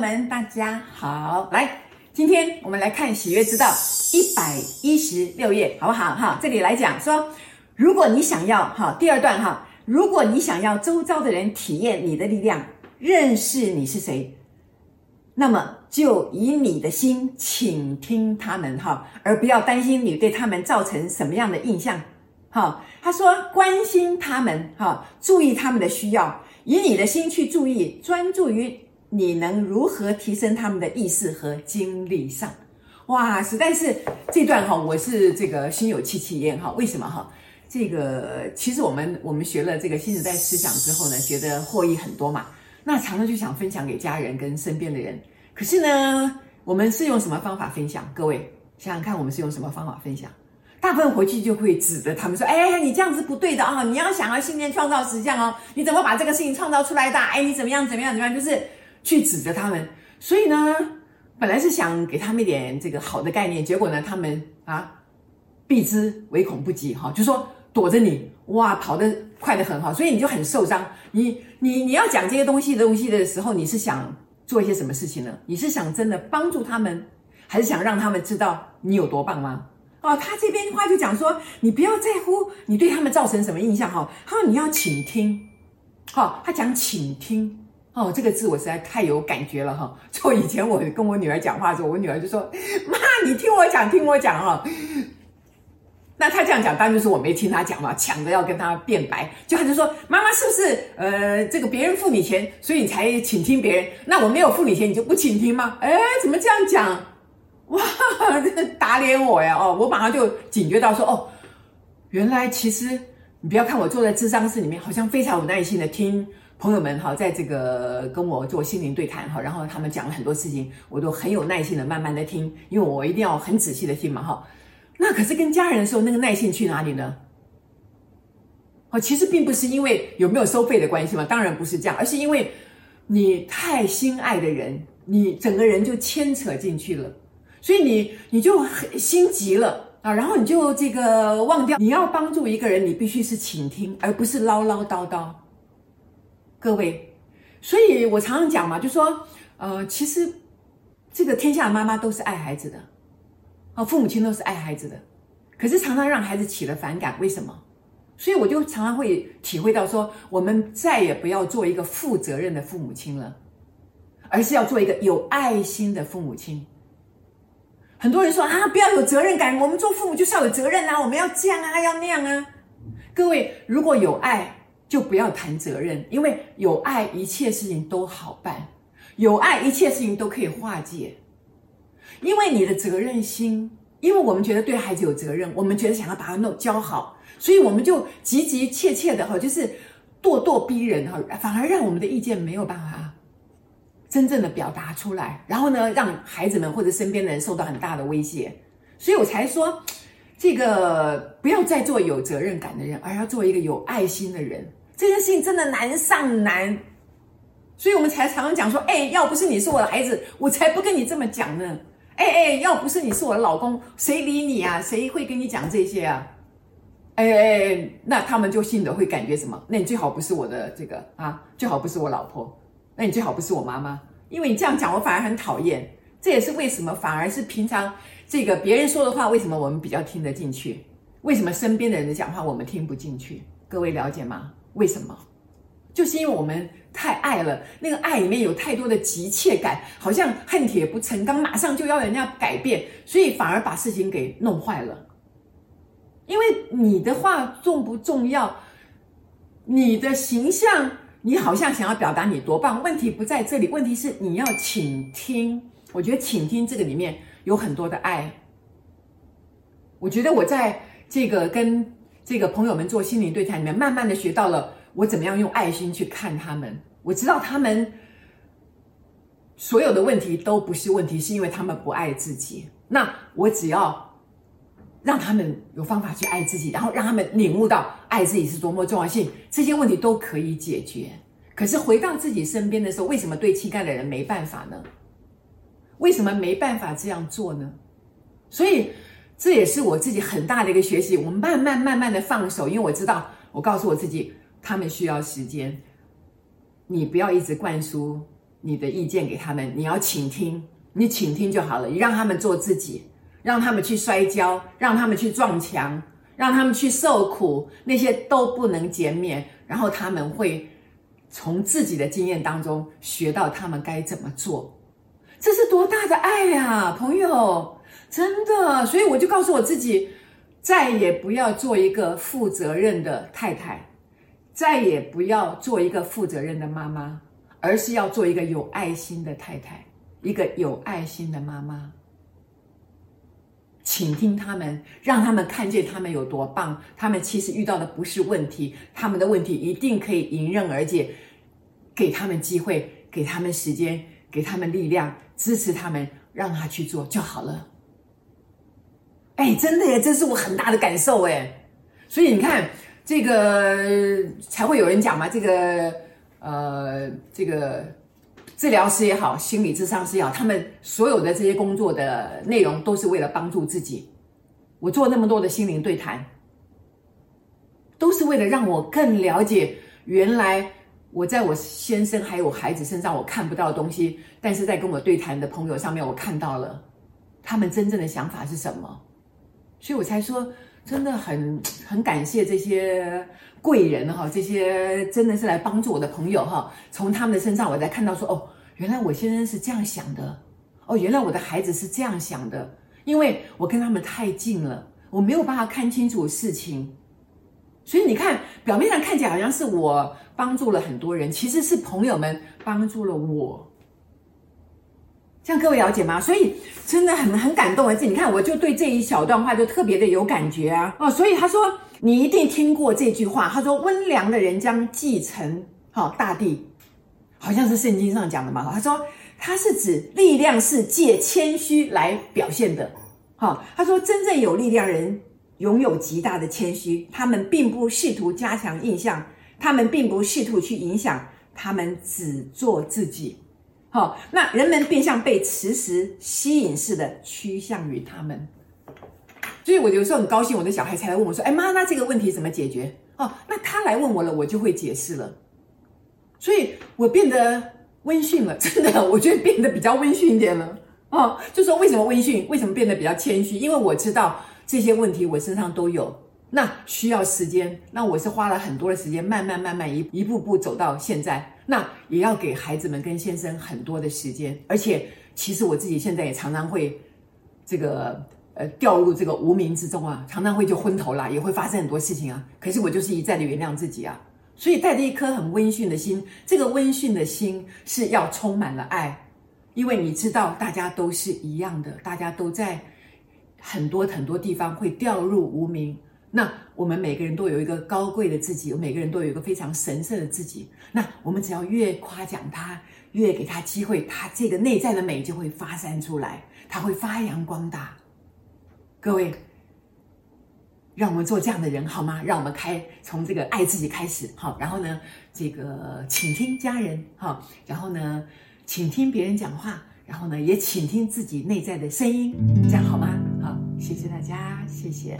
朋友們，大家好，來，今天我們來看《喜悅之道》一百一十六頁，好不好？哈，這裡來講說，如果你想要哈，第二段哈，如果你想要周遭的人體驗你的力量，認識你是誰，那麼就以你的心傾聽他們哈，而不要擔心你對他們造成什麼樣的印象哈。他說，關心他們哈，注意他們的需要，以你的心去注意，專注於。你能如何提升他們的意識和精力上？哇，實在是，是這段哈，我是這個心有戚戚焉哈。為什麼哈？這個其實我們我們學了這個新時代思想之後呢，覺得獲益很多嘛。那常常就想分享給家人跟身邊的人。可是呢，我們是用什麼方法分享？各位想想看，我們是用什麼方法分享？大部分回去就會指着他們說：“哎，你這樣子不對的啊、哦，你要想要信念創造實像哦，你怎麼把這個事情創造出來的、啊？哎，你怎麼樣怎麼樣怎麼樣，就是。”去指責他們，所以呢，本來是想給他們一點這個好的概念，結果呢，他們啊，避之唯恐不及哈、哦，就說躲着你哇，跑得快得很好，所以你就很受傷。你你你要講這些東西的東西的時候，你是想做一些什麼事情呢？你是想真的幫助他們，還是想讓他們知道你有多棒嗎？哦，他這邊的話就講說，你不要在乎你對他們造成什麼印象哈。他、哦、說你要傾聽，哈、哦，他講傾聽。哦，這個字我實在太有感覺了哈！就以前我跟我女兒講話的時候，我女兒就說：“媽，你聽我講，聽我講哈，那她這樣講，當然就是我沒聽她講嘛，搶着要跟她辯白，就她就說：“媽媽是不是呃，這個別人付你錢，所以你才傾聽別人？那我沒有付你錢，你就不傾聽嗎？誒，怎麼這樣講？哇，打臉我呀！哦，我馬上就警覺到說：哦，原來其實你不要看我坐在諮商室裡面，好像非常有耐心的聽。”朋友們哈，在這個跟我做心靈對談哈，然後他們講了很多事情，我都很有耐心的慢慢的聽，因為我一定要很仔細的聽嘛哈。那可是跟家人的時候，那個耐心去哪裡呢？哦，其實並不是因為有沒有收費的關係嘛，當然不是這樣，而是因為你太心愛的人，你整個人就牽扯進去了，所以你你就很心急了啊，然後你就這個忘掉，你要幫助一個人，你必須是傾聽，而不是嘮嘮叨叨。各位，所以我常常講嘛，就說，呃，其實這個天下的媽媽都是愛孩子的，啊，父母親都是愛孩子的，可是常常讓孩子起了反感，為什麼？所以我就常常會體會到說，說我們再也不要做一個負責任的父母親了，而是要做一個有愛心的父母親。很多人說啊，不要有責任感，我們做父母就是要有責任啊，我們要這樣啊，要那樣啊。各位，如果有愛，就不要談責任，因為有愛，一切事情都好辦；有愛，一切事情都可以化解。因為你的責任心，因為我們覺得對孩子有責任，我們覺得想要把他弄教好，所以我們就急急切切的哈，就是咄咄逼人哈，反而讓我們的意見沒有辦法真正的表達出來，然後呢，讓孩子們或者身邊的人受到很大的威脅。所以我才說，這個不要再做有責任感的人，而要做一個有愛心的人。這件事情真的難上難，所以我們才常常講說：哎，要不是你是我的孩子，我才不跟你這麼講呢。哎哎，要不是你是我的老公，誰理你啊？誰會跟你講這些啊？哎哎，那他們就信的會感覺什麼？那你最好不是我的這個啊，最好不是我老婆。那你最好不是我媽媽，因為你這樣講，我反而很討厭。這也是為什麼反而是平常這個別人說的話，為什麼我們比較聽得進去？為什麼身邊的人的講話我們聽不進去？各位了解嗎？為什麼？就是因為，我們太愛了，那個愛裡面有太多的急切感，好像恨鐵不成鋼，剛馬上就要人家改變，所以反而把事情給弄壞了。因為你的話重不重要？你的形象，你好像想要表達你多棒？問題不在這裡，問題是你要傾聽。我覺得傾聽這個裡面有很多的愛。我覺得我在這個跟這個朋友們做心靈對談裡面，慢慢的學到了。我怎麼樣用愛心去看他們？我知道他們所有的問題都不是問題，是因為他們不愛自己。那我只要讓他們有方法去愛自己，然後讓他們領悟到愛自己是多麼重要性，這些問題都可以解決。可是回到自己身邊的時候，為什麼對親愛的人沒辦法呢？為什麼沒辦法這樣做呢？所以這也是我自己很大的一個學習。我慢慢慢慢的放手，因為我知道，我告訴我自己。他們需要時間，你不要一直灌輸你的意見給他們，你要傾聽，你傾聽就好了。你讓他們做自己，讓他們去摔跤，讓他們去撞牆，讓他們去受苦，那些都不能減免。然後他們會從自己的經驗當中學到他們該怎麼做。這是多大的愛呀，朋友！真的，所以我就告訴我自己，再也不要做一個負責任的太太。再也不要做一個負責任的媽媽，而是要做一個有愛心的太太，一個有愛心的媽媽。傾聽他們，讓他們看見他們有多棒。他們其實遇到的不是問題，他們的問題一定可以迎刃而解。給他們機會，給他們時間，給他們力量，支持他們，讓他去做就好了。哎，真的耶，這是我很大的感受誒。所以你看。這個才會有人講嘛。這個，呃，這個治療師也好，心理諮商師也好，他們所有的這些工作的內容，都是為了幫助自己。我做那麼多的心靈對談，都是為了讓我更了解原來我在我先生還有孩子身上我看不到的東西，但是在跟我對談的朋友上面，我看到了他們真正的想法是什麼，所以我才說，真的很很感謝這些貴人哈，這些真的是來幫助我的朋友哈。從他們的身上，我才看到說哦，原來我先生是這樣想的，哦，原來我的孩子是這樣想的。因為我跟他們太近了，我沒有辦法看清楚事情。所以你看，表面上看起來好像是我幫助了很多人，其實是朋友們幫助了我。像各位了解嗎？所以真的很很感動而子，你看我就對這一小段話就特別的有感覺啊、哦、所以他說你一定聽過這句話，他說溫良的人將繼承、哦、大地，好像是聖經上講的嘛。他說他是指力量是借謙虛來表現的、哦、他說真正有力量的人擁有極大的謙虛，他們並不試圖加強印象，他們並不試圖去影響，他們只做自己。好、哦，那人們便像被磁石吸引似的趨向於他們，所以我有時候很高興我的小孩才來問我說：“哎媽，那這個問題怎麼解決？”哦，那他來問我了，我就會解釋了。所以我變得溫馴了，真的，我覺得變得比較溫馴一點了。啊、哦，就說為什麼溫馴，為什麼變得比較謙虛？因為我知道這些問題我身上都有。那需要時間，那我是花了很多的時間，慢慢慢慢一一步步走到現在。那也要給孩子們跟先生很多的時間，而且其實我自己現在也常常會，這個呃掉入這個無名之中啊，常常會就昏頭啦，也會發生很多事情啊。可是我就是一再的原諒自己啊，所以帶着一顆很溫馴的心，這個溫馴的心是要充滿了愛，因為你知道大家都是一樣的，大家都在很多很多地方會掉入無名。那我們每個人都有一個高貴的自己，每個人都有一個非常神聖的自己。那我們只要越誇獎他，越給他機會，他這個內在的美就會發散出來，他會發揚光大。各位，讓我們做這樣的人好嗎？讓我們開從這個愛自己開始，好。然後呢，這個傾聽家人，好，然後呢，傾聽別人講話，然後呢也傾聽自己內在的聲音，這樣好嗎？好，謝謝大家，謝謝。